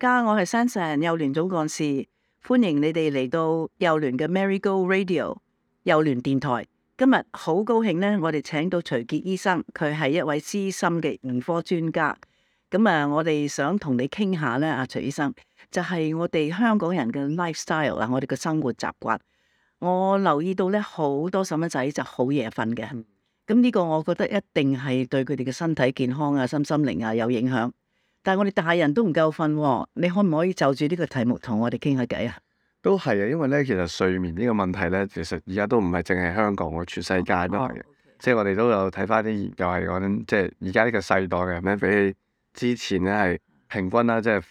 大家好，我係 San San，幼聯總幹事，歡迎你哋嚟到幼聯嘅 MaryGo Radio 幼聯電台。今日好高興咧，我哋請到徐杰醫生，佢係一位資深嘅兒科專家。咁啊，我哋想同你傾下咧，阿徐醫生就係、是、我哋香港人嘅 lifestyle 啊，我哋嘅生活習慣。我留意到咧，好多細蚊仔就好夜瞓嘅，咁呢個我覺得一定係對佢哋嘅身體健康啊、心心靈啊有影響。但係我哋大人都唔夠瞓，哦，你可唔可以就住呢個題目同我哋傾下偈啊？都係啊，因為咧，其實睡眠呢個問題咧，其實而家都唔係淨係香港，喎全世界都係、oh, okay. 即係我哋都有睇翻啲研究係講緊，即係而家呢個世代嘅，咁樣比起之前咧係平均啦，即係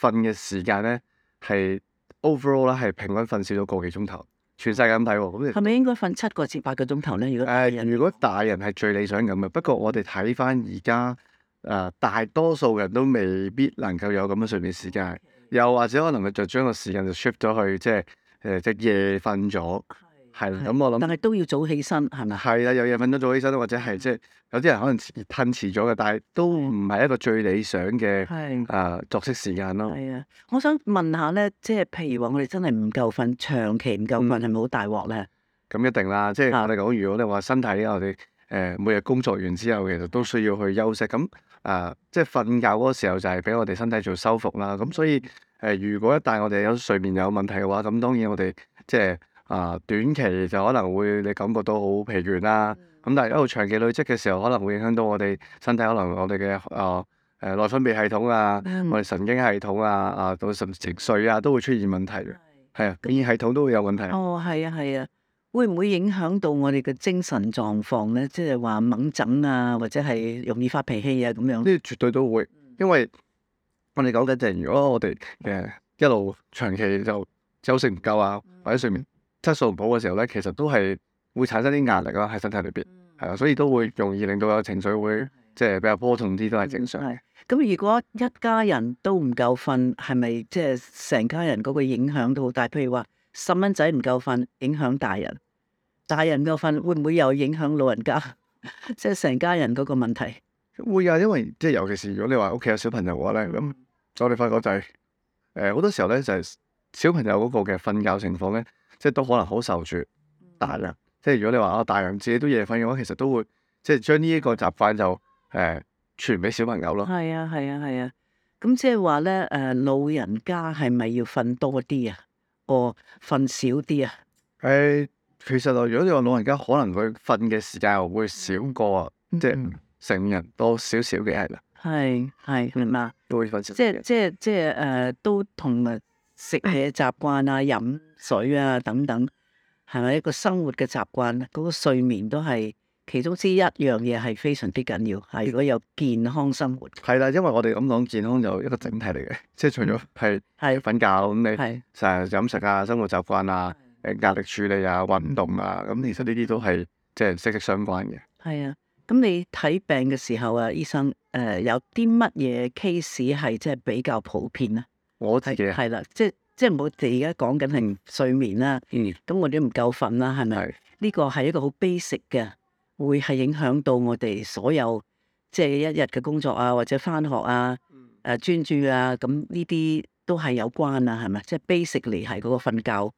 瞓嘅時間咧係 overall 啦，係平均瞓少咗個幾鐘頭。全世界咁睇，咁你係咪應該瞓七個至八個鐘頭咧？如果誒，如果大人係、呃、最理想咁嘅，不過我哋睇翻而家。啊！大多數人都未必能夠有咁嘅睡眠時間，又或者可能佢就將個時間就 shift 咗去，即係誒即係夜瞓咗，係咁我諗，但係都要早起身係咪？係啦，有夜瞓咗早起身，或者係即係有啲人可能遲褪遲咗嘅，但係都唔係一個最理想嘅啊作息時間咯。係啊，我想問下咧，即係譬如話我哋真係唔夠瞓，長期唔夠瞓係咪好大鑊咧？咁一定啦，即係我哋講，如果你話身體啊，我哋誒每日工作完之後，其實都需要去休息咁。啊，即係瞓覺嗰個時候就係俾我哋身體做修復啦，咁所以誒、呃，如果一旦我哋有睡眠有問題嘅話，咁當然我哋即係啊，短期就可能會你感覺到好疲倦啦，咁、嗯、但係一路長期累積嘅時候，可能會影響到我哋身體，可能我哋嘅啊誒內分泌系統啊，我哋神經系統啊啊到甚至情緒啊都會出現問題，係啊，免疫系統都會有問題。哦，係啊，係啊。會唔會影響到我哋嘅精神狀況咧？即係話矇憎啊，或者係容易發脾氣啊咁樣？呢啲絕對都會，因為我哋講緊就係、是、如果我哋誒一路長期就休息唔夠啊，或者睡眠質素唔好嘅時候咧，其實都係會產生啲壓力啦、啊、喺身體裏邊，係啊，所以都會容易令到有情緒會即係比較波動啲，都係正常。係咁、嗯，如果一家人都唔夠瞓，係咪即係成家人嗰個影響都好大？譬如話細蚊仔唔夠瞓，影響大人。大人嘅瞓會唔會又影響老人家，即係成家人嗰個問題？會啊，因為即係尤其是如果你話屋企有小朋友嘅話咧，咁我哋發覺就係誒好多時候咧就係、是、小朋友嗰個嘅瞓覺情況咧，即係都可能好受住但人、啊。即係如果你話啊，大人自己都夜瞓嘅話，其實都會即係將呢一個習慣就誒傳俾小朋友咯。係啊，係啊，係啊。咁即係話咧誒，老人家係咪要瞓多啲啊？哦，瞓少啲啊？係、哎。其實啊，如果你話老人家可能佢瞓嘅時間會少過、嗯、即係成人多少少嘅係啦，係係明嘛，都會瞓少，即即即誒都同誒食嘢習慣啊、飲水啊等等，係咪一個生活嘅習慣？嗰、嗰個睡眠都係其中之一樣嘢，係非常之緊要。係如果有健康生活，係啦，因為我哋咁講健康就一個整體嚟嘅，即係除咗係瞓覺咁，你成日飲食啊、生活習慣啊。的誒壓力處理啊、運動啊，咁其實呢啲都係即係息息相關嘅。係啊，咁你睇病嘅時候啊，醫生誒、呃、有啲乜嘢 case 係即係比較普遍咧？我自己係、啊、啦、啊，即係即係我哋而家講緊係睡眠啦、啊。嗯，我哋都唔夠瞓啦、啊，係咪？呢個係一個好 basic 嘅，會係影響到我哋所有即係、就是、一日嘅工作啊，或者返學啊、誒、嗯啊、專注啊，咁呢啲都係有關啊，係咪？即係 basic 嚟係嗰個瞓覺。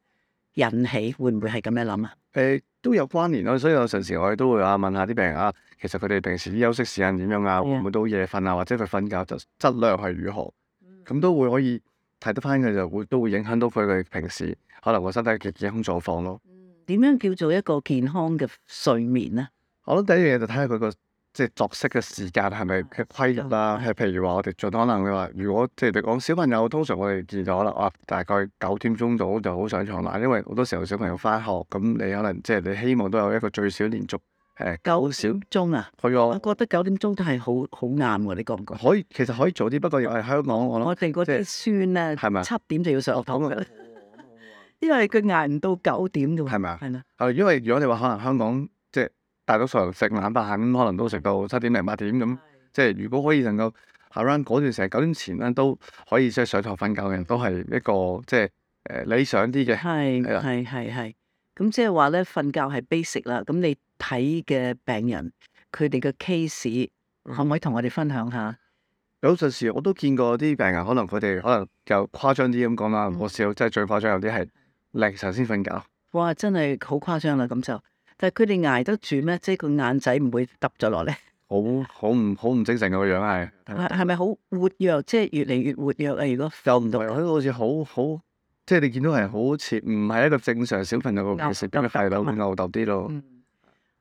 引起會唔會係咁樣諗啊？誒、欸、都有關聯咯，所以有時我平時我亦都會啊問下啲病人啊，其實佢哋平時休息時間點樣啊，的會唔會到夜瞓啊，或者佢瞓覺就質量係如何？咁、嗯嗯、都會可以睇得翻佢就會都會影響到佢佢平時可能個身體嘅健康狀況咯。點、嗯、樣叫做一個健康嘅睡眠咧？我覺得第一樣嘢就睇下佢個。即係作息嘅時間係咪嘅規律啦？係譬如話，我哋盡可能你話，如果即你講小朋友，通常我哋見咗可能啊，大概九點鐘到就好上床啦。因為好多時候小朋友翻學，咁你可能即係你希望都有一個最少連續誒九點鐘啊。我覺得九點鐘都係好好晏喎，你覺唔覺？可以，其實可以早啲，不過又係香港我。我哋嗰啲孫咧，係咪七點就要上學堂？因為佢捱唔到九點嘅喎。係咪啊？係咯。因為如果你話可能香港。大多數食晚飯可能都食到七點零八點咁。即係如果可以能夠下 round 嗰段成九點前咧，都可以即係上床瞓覺嘅，人都係一個即係誒理想啲嘅。係係係係。咁即係話咧，瞓覺係 basic 啦。咁你睇嘅病人佢哋嘅 case 可唔、嗯、可以同我哋分享下？有陣時我都見過啲病人，可能佢哋可能又誇張啲咁講啦。嗯、我試過即係最誇張有啲係凌晨先瞓覺。哇！真係好誇張啦，咁就～但係佢哋捱得住咩？即係個眼仔唔會耷咗落嚟？好好唔好唔正常個樣係係係咪好活躍？即係越嚟越活躍啊！如果又唔同，好似好好即係你見到係好似唔係一個正常小朋友嘅食實，因為細佬會牛鬥啲咯。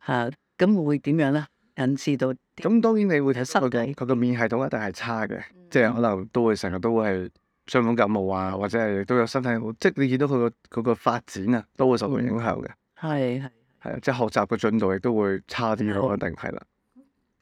嚇咁會點樣咧？引致到咁當然你會睇佢個佢個免疫系統一定係差嘅，即係可能都會成日都會係傷風感冒啊，或者係都有身體，即係你見到佢個佢個發展啊，都會受佢影響嘅。係係。呦係啊，即係學習嘅進度亦都會差啲咯，我一定係啦。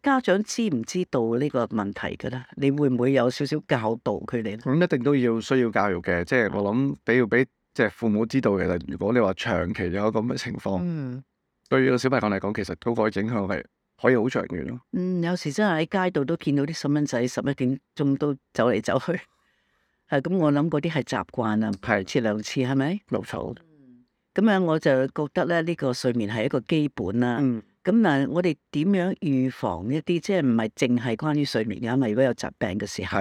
家長知唔知道呢個問題嘅咧？你會唔會有少少教導佢哋咧？咁、嗯、一定都要需要教育嘅，即、就、係、是、我諗，比如俾即係父母知道嘅。其實如果你話長期有咁嘅情況，嗯，對於個小朋友嚟講，其實都個影響係可以好長遠咯。嗯，有時真係喺街道都見到啲細蚊仔十一點鐘都走嚟，走去係咁我諗嗰啲係習慣啊。係是，似兩次係咪？冇錯。咁樣，我就覺得咧，呢、這個睡眠係一個基本啦。咁嗱、嗯，我哋點樣預防一啲，即係唔係淨係關於睡眠嘅？因為如果有疾病嘅時候，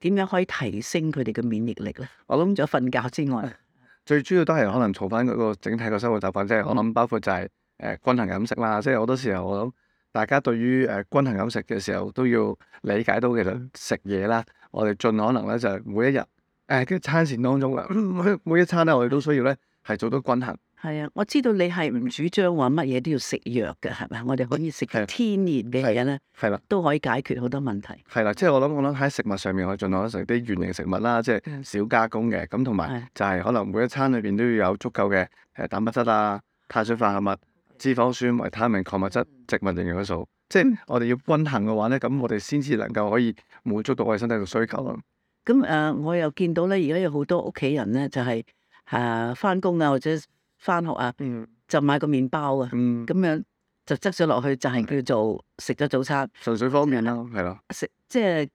點是樣可以提升佢哋嘅免疫力咧？我諗咗瞓覺之外，最主要都係可能錯翻嗰個整體嘅生活習慣啫。即係我諗包括就係誒均衡飲食啦，嗯、即係好多時候我諗大家對於誒均衡飲食嘅時候都要理解到，其實食嘢啦，我哋盡可能咧就係每一日誒跟餐膳當中嘅每一餐咧，我哋都需要咧。係做到均衡。係啊！我知道你係唔主張話乜嘢都要食藥嘅，係咪？我哋可以食天然嘅嘢咧，係啦，都可以解決好多問題。係啦，即係我諗，我諗喺食物上面，我盡量食啲原形食物啦，即係少加工嘅。咁同埋就係可能每一餐裏邊都要有足夠嘅誒蛋白質啊、碳水化合物、脂肪酸、維他命、礦物質、植物營養素。嗯、即係我哋要均衡嘅話咧，咁我哋先至能夠可以滿足到我哋身體嘅需求。咁誒，我又見到咧，而家有好多屋企人咧，就係、是。誒翻工啊，或者翻學啊，嗯、就買個麵包啊，咁、嗯、樣就執咗落去，就係、是、叫做食咗早餐，純粹方便啦，係咯後。食即係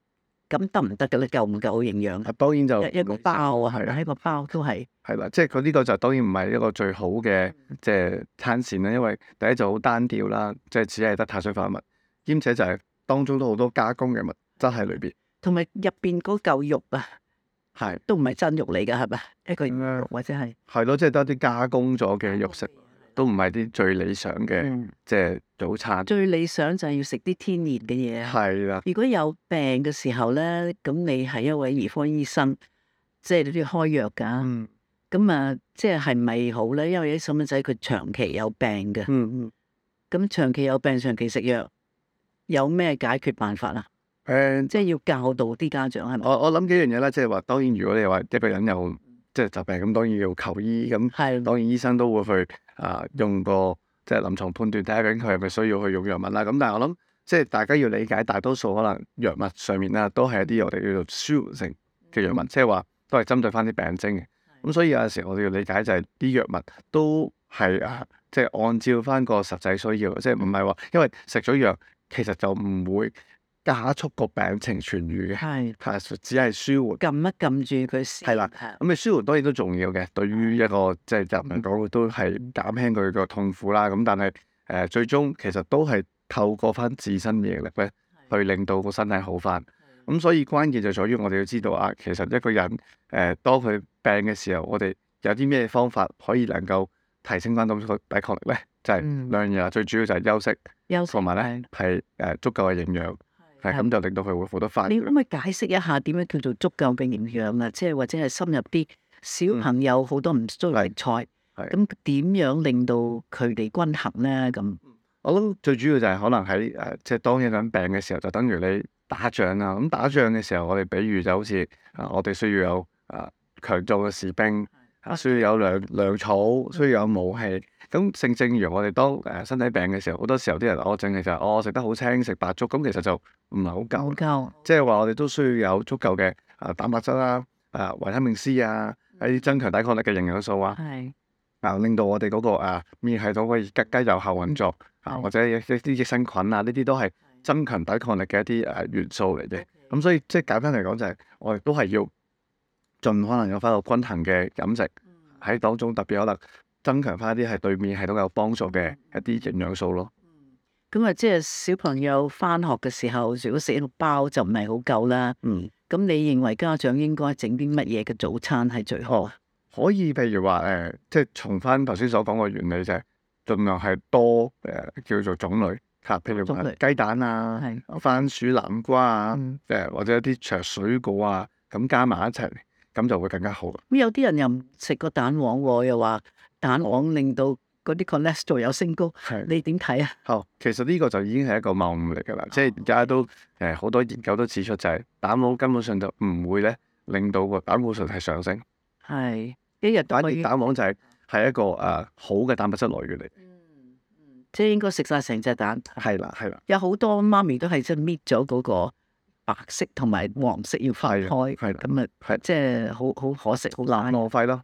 咁得唔得嘅咧？夠唔夠營養？當然就一個包啊，係啦錯，的一個包都係。係啦，即係佢呢個就當然唔係一個最好嘅即係餐膳啦，因為第一就好單調啦，即係只係得碳水化合物，兼且就係當中都好多加工嘅物質喺裏邊，同埋入邊嗰嚿肉啊。係是都唔係真肉嚟㗎，係咪一個咁、嗯、或者係？係咯，即係多啲加工咗嘅肉食，都唔係啲最理想嘅，即係早餐。嗯、最理想就係要食啲天然嘅嘢。係啦的。如果有病嘅時候咧，咁你係一位兒科醫生，即係你都要開藥噶。咁、嗯、啊，即係係咪好咧？因為啲細蚊仔佢長期有病嘅。嗯嗯。咁長期有病，長期食藥，有咩解決辦法啊？誒，嗯、即係要教導啲家長係咪？我我諗幾樣嘢啦，即係話當然，如果你話一個人有即係疾病咁，嗯、當然要求醫咁，係當然醫生都會去啊、呃，用個即係臨床判斷睇下佢係咪需要去用藥物啦。咁但係我諗，即係大家要理解，大多數可能藥物上面啦，都係一啲我哋叫做舒緩性嘅藥物，即係話都係針對翻啲病徵嘅。咁的、嗯、所以有陣時我哋要理解就係、是、啲藥物都係啊，即係按照翻個實際需要，即係唔係話因為食咗藥其實就唔會。加速個病情痊癒，嘅是，係，只係舒緩，撳一撳住佢先，係啦。咁你舒緩當然都重要嘅，對於一個即係疾病嚟講，都係減輕佢個痛苦啦。咁但係誒、呃，最終其實都係透過翻自身嘅力咧，去令到個身體好翻。咁的、嗯、所以關鍵就在於我哋要知道啊，其實一個人誒、呃，當佢病嘅時候，我哋有啲咩方法可以能夠提升翻到抵抗力咧？就係、是、兩樣嘢啦，最主要就係休息，休息的，同埋咧係誒足夠嘅營養。係咁就令到佢會好得返。你可唔可以解釋一下點樣叫做足夠嘅營養啊？即係或者係深入啲，小朋友好多唔足量菜，咁點、嗯、樣令到佢哋均衡咧？咁我諗最主要就係可能喺誒、呃、即係當一個人病嘅時候，就等於你打仗啊。咁、嗯、打仗嘅時候，我哋比如就好似啊、呃，我哋需要有啊、呃、強壯嘅士兵，的需要有糧糧草，需要有武器。咁性正，正如我哋都誒身體病嘅時候，好多時候啲人我症其實我食、哦、得好清食白粥，咁其實就唔係好夠，即係話我哋都需要有足夠嘅誒蛋白質啦、啊，誒、啊、維他命 C 啊，一、啊、啲增強抵抗力嘅營養素啊，是啊令到我哋嗰個誒、啊、免疫系統可以更加有效運作是啊，或者一啲益生菌啊，呢啲都係增強抵抗力嘅一啲誒、啊、元素嚟嘅。咁是所以即係簡單嚟講就係、是、我哋都係要盡可能有翻個均衡嘅飲食喺當中，特別可能。增強翻啲係對免疫系統有幫助嘅一啲營養素咯。咁啊，即係小朋友翻學嘅時候，如果食一個包就唔係好夠啦。嗯，咁你認為家長應該整啲乜嘢嘅早餐係最好？可以，譬如話誒，即係從翻頭先所講嘅原理就係、是，儘量係多誒叫做種類。嚇，譬如話雞蛋啊、番類薯、南瓜啊，誒、嗯、或者一啲削水果啊，咁加埋一齊，咁就會更加好。咁有啲人又唔食個蛋黃喎，又話。蛋黃令到嗰啲 cholesterol 有升高，是你點睇啊？哦，其實呢個就已經係一個謬誤嚟㗎啦，oh, 即係而家都誒好多研究都指出，就係蛋黃根本上就唔會咧令到個膽固醇係上升。係，一日打一蛋黃就係係一個誒、啊、好嘅蛋白質來源嚟、嗯。嗯，嗯即係應該食晒成隻蛋。係啦，係啦。有好多媽咪都係真搣咗嗰個白色同埋黃色要快開，係啦，咁啊，即係好好可惜，好浪費咯。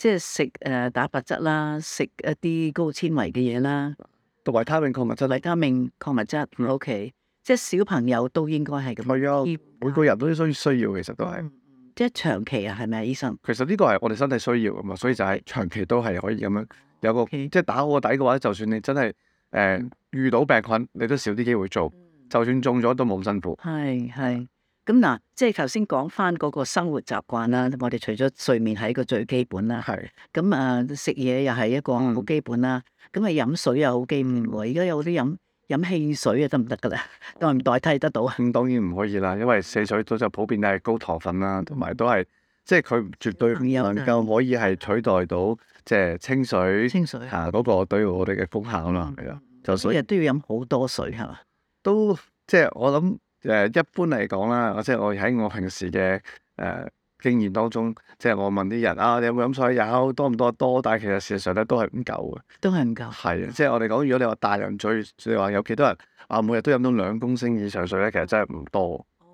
即係食誒蛋白質啦，食一啲高纖維嘅嘢啦，同維他命礦物質。維他命礦物質，OK，即係小朋友都應該係咁。係啊，每個人都需需要，其實都係。即係長期啊，係咪啊，醫生？其實呢個係我哋身體需要啊嘛，所以就係長期都係可以咁樣有個，Okay. 即係打好個底嘅話，就算你真係誒、呃、遇到病菌，你都少啲機會做，就算中咗都冇咁辛苦。係係。咁嗱，即係頭先講翻嗰個生活習慣啦。我哋除咗睡眠係一個最基本啦，係咁啊食嘢，又係一個好基本啦。咁啊飲水又好基本喎。而家有啲飲飲汽水啊，得唔得噶啦？代唔代替得到啊？咁、嗯、當然唔可以啦，因為汽水都就普遍都係高糖分啦，同埋都係即係佢絕對能夠可以係取代到即係、嗯、的清水。清水吓嗰個對我哋嘅功效啦，係啊，嗯、的所以每日都要飲好多水係嘛，都即係我諗。嗯誒一般嚟講啦，即係我喺我平時嘅誒經驗當中，即係我問啲人啊，你有冇飲水？有多唔多？多，但係其實事實上咧都係唔夠嘅，都係唔夠。係啊，即係我哋講，如果你話大量醉，即係話有幾多人啊，每日都飲到兩公升以上水咧，其實真係唔多。哦，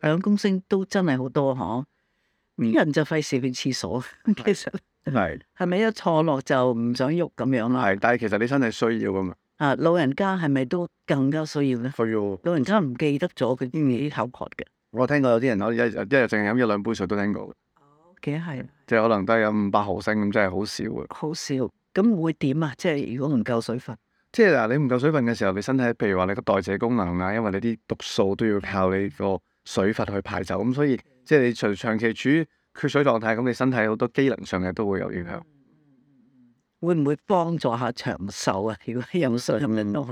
兩公升都真係好多嚇，人就費事去廁所。其實係係咪一坐落就唔想喐咁樣？係，但係其實你身體需要㗎嘛。啊，老人家係咪都更加需要咧？需要，係嘅，老人家唔記得咗佢啲口渴嘅。我聽過有啲人，我一日淨係飲一,一,一,一兩杯水都聽過嘅。哦，其實，幾係係嘅？即係可能都係飲五百毫升咁，真係好少嘅。好少，咁會點啊？即係如果唔夠水分，即係嗱，你唔夠水分嘅時候，你身體，譬如話你個代謝功能啊，因為你啲毒素都要靠你個水分去排走，咁所以即係你長長期處於缺水狀態，咁你身體好多機能上嘅都會有影響。會唔會幫助下長壽啊？如果飲水飲得多，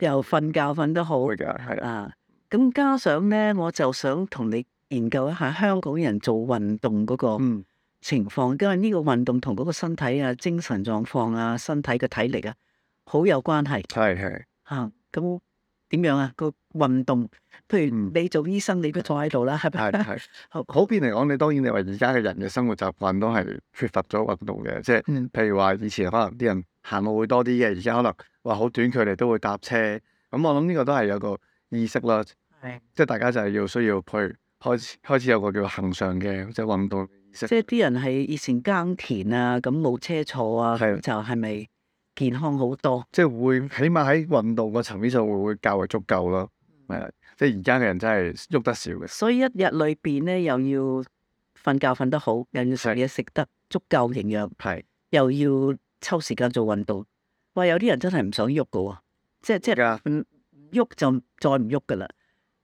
又瞓覺瞓得好，係啊。咁加上咧，我就想同你研究一下香港人做運動嗰個情況，嗯、因為呢個運動同嗰個身體啊、精神狀況啊、身體嘅體力啊，好有關係。係係的。嚇咁、啊。點樣啊？個運動，譬如你做醫生，嗯、你都坐喺度啦。係係，好普遍嚟講，你當然你話而家嘅人嘅生活習慣都係缺乏咗運動嘅，即係譬如話以前可能啲人行路會多啲嘅，而家可能話好短距離都會搭車。咁、嗯、我諗呢個都係有個意識咯，即係大家就係要需要譬如開始開始有個叫行上嘅即係運動意識。的即係啲人係以前耕田啊，咁冇車坐啊，的就係咪？健康好多，即係會起碼喺運動個層面上會會較為足夠咯，係啦、嗯，即係而家嘅人真係喐得少嘅。所以一日裏邊咧，又要瞓覺瞓得好，又要食嘢食得足夠營養，係是，又要抽時間做運動。哇，有啲人真係唔想喐噶喎，即係在即係，喐就再唔喐噶啦。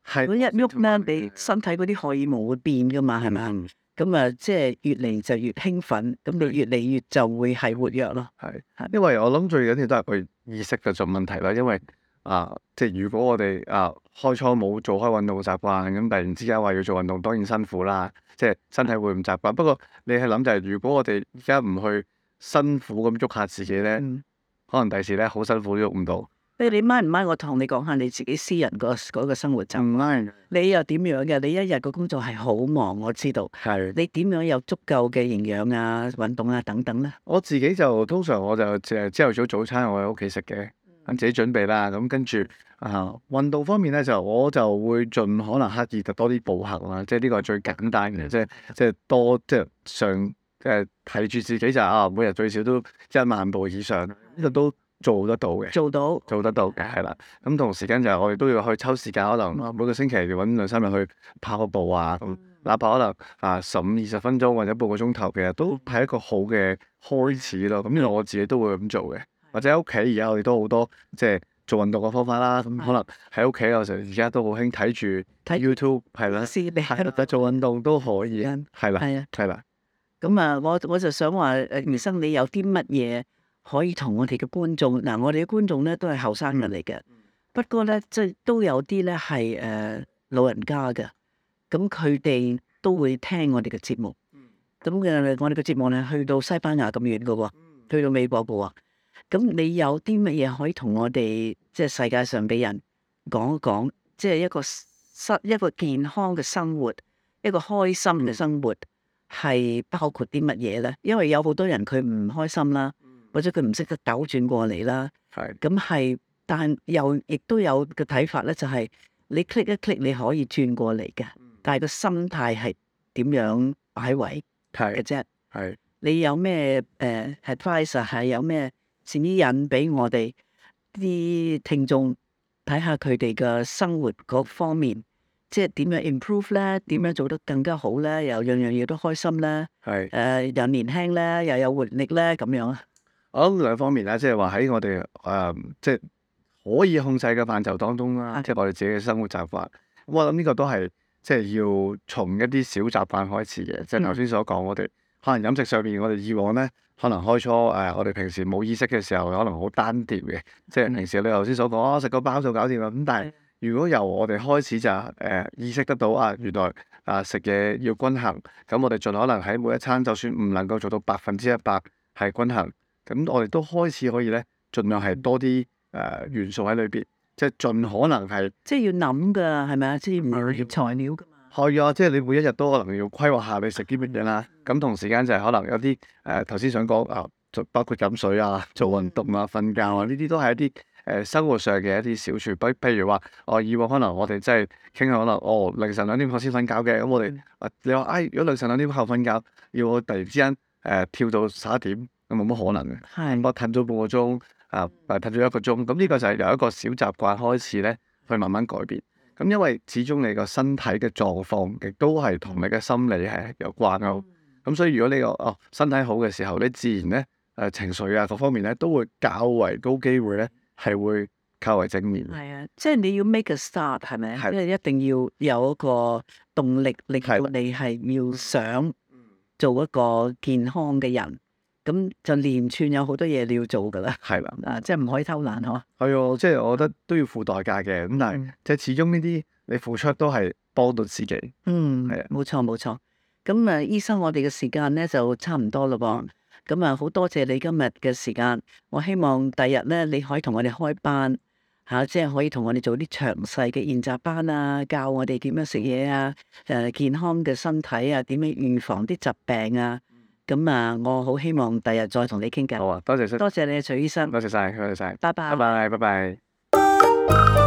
係是，如果一喐咧，你身體嗰啲荷爾蒙會變噶嘛，係咪？咁啊，即係越嚟就越興奮，咁你越嚟越就會係活躍咯。係，因為我諗最緊要都係個意識嘅問題啦。因為啊，即係如果我哋啊開初冇做開運動習慣，咁突然之間話要做運動，當然辛苦啦。即係身體會唔習慣。嗯、不過你去諗就係，如果我哋而家唔去辛苦咁喐下自己咧，可能第時咧好辛苦都喐唔到。你掹唔掹？我同你講下你自己私人個嗰個生活質。唔掹行。你又點樣嘅？你一日個工作係好忙，我知道。係的。你點樣有足夠嘅營養啊、運動啊等等咧？我自己就通常我就誒朝頭早早餐我喺屋企食嘅，自己準備啦。咁跟住啊，運動方面咧就我就會盡可能刻意就多啲步行啦。即係呢個係最簡單嘅， 即係即係多即係上誒提住自己就啊，每日最少都一萬步以上呢、這個都。都都做得到嘅，做到，做得到嘅，係啦。咁同時間就我哋都要去抽時間，可能每個星期揾兩三日去跑個步啊。咁哪怕可能啊十五二十分鐘或者半個鐘頭，其實都係一個好嘅開始咯。咁原來我自己都會咁做嘅，或者喺屋企而家我哋都好多即係做運動嘅方法啦。咁可能喺屋企嗰陣而家都好興睇住 YouTube 係啦，做運動都可以，係啦，係啊，係啦。咁啊，我我就想話誒，醫生你有啲乜嘢？可以同我哋嘅觀眾，嗱我哋嘅觀眾咧都係後生人嚟嘅，不過咧即係都有啲咧係誒老人家嘅，咁佢哋都會聽我哋嘅節目，咁、嗯、嘅、嗯、我哋嘅節目咧去到西班牙咁遠嘅喎，去到美國嘅喎，咁、嗯嗯嗯嗯、你有啲乜嘢可以同我哋即係世界上嘅人講一講，即、就、係、是、一個生一個健康嘅生活，一個開心嘅生活係包括啲乜嘢咧？因為有好多人佢唔開心啦。或者佢唔識得扭轉過嚟啦，咁係，但又亦都有個睇法咧，就係你 click 一 click 你可以轉過嚟嘅，但係個心態係點樣擺位嘅啫。係你有咩誒 advisor 係有咩善意引俾我哋啲聽眾睇下佢哋嘅生活各方面，即係點樣 improve 咧？點樣做得更加好咧？又樣樣嘢都開心咧？係誒又年輕咧，又有活力咧咁樣啊！我諗兩方面啦，即係話喺我哋誒，即、呃、係、就是、可以控制嘅範疇當中啦，即、就、係、是、我哋自己嘅生活習慣。我諗呢個都係即係要從一啲小習慣開始嘅。即係頭先所講，我哋、嗯、可能飲食上邊，我哋以往咧可能開初誒、呃，我哋平時冇意識嘅時候，可能好單調嘅。即、就、係、是、平時你頭先所講食、哦、個包就搞掂啦。咁但係如果由我哋開始就誒、呃、意識得到啊，原來啊食嘢要均衡，咁我哋盡可能喺每一餐，就算唔能夠做到百分之一百係均衡。咁我哋都開始可以咧，盡量係多啲誒元素喺裏邊，即係盡可能係，即係要諗噶，係咪啊？即係唔係要材料噶嘛。係啊，即係你每一日都可能要規劃下你食啲乜嘢啦。咁同時間就係可能有啲誒頭先想講啊，就包括飲水啊、做運動啊、瞓覺啊，呢啲都係一啲誒生活上嘅一啲小處。比譬如話，我以往可能我哋即係傾下，可能哦凌晨兩點後先瞓覺嘅。咁我哋你話唉，如果凌晨兩點後瞓覺，要我突然之間誒跳到十一點？咁冇乜可能嘅，我褪咗半個鐘，啊，誒，褪咗一個鐘，咁呢個就係由一個小習慣開始咧，去慢慢改變。咁因為始終你個身體嘅狀況亦都係同你嘅心理係有關嘅，咁所以如果你個哦身體好嘅時候，你自然咧誒、呃、情緒啊各方面咧都會較為高機會咧係會較為正面。係啊，即係你要 make a start 係咪？即係的一定要有一個動力令到你係要想做一個健康嘅人。咁就連串有好多嘢你要做噶啦，係啦，啊，即係唔可以偷懶嗬，係哦，即係我覺得都要付代價嘅，咁但係即係始終呢啲你付出都係幫到自己，嗯，係啊，冇錯冇錯，咁啊，醫生我哋嘅時間咧就差唔多啦噃，咁啊好多謝你今日嘅時間，我希望第日咧你可以同我哋開班，吓，即係可以同我哋做啲詳細嘅練習班啊，教我哋點樣食嘢啊，誒，健康嘅身體啊，點樣預防啲疾病啊。咁啊，我好希望第日再同你傾偈。好啊，多謝多謝你啊，徐醫生。多謝晒，多謝晒。謝拜拜，拜拜。拜拜，拜拜。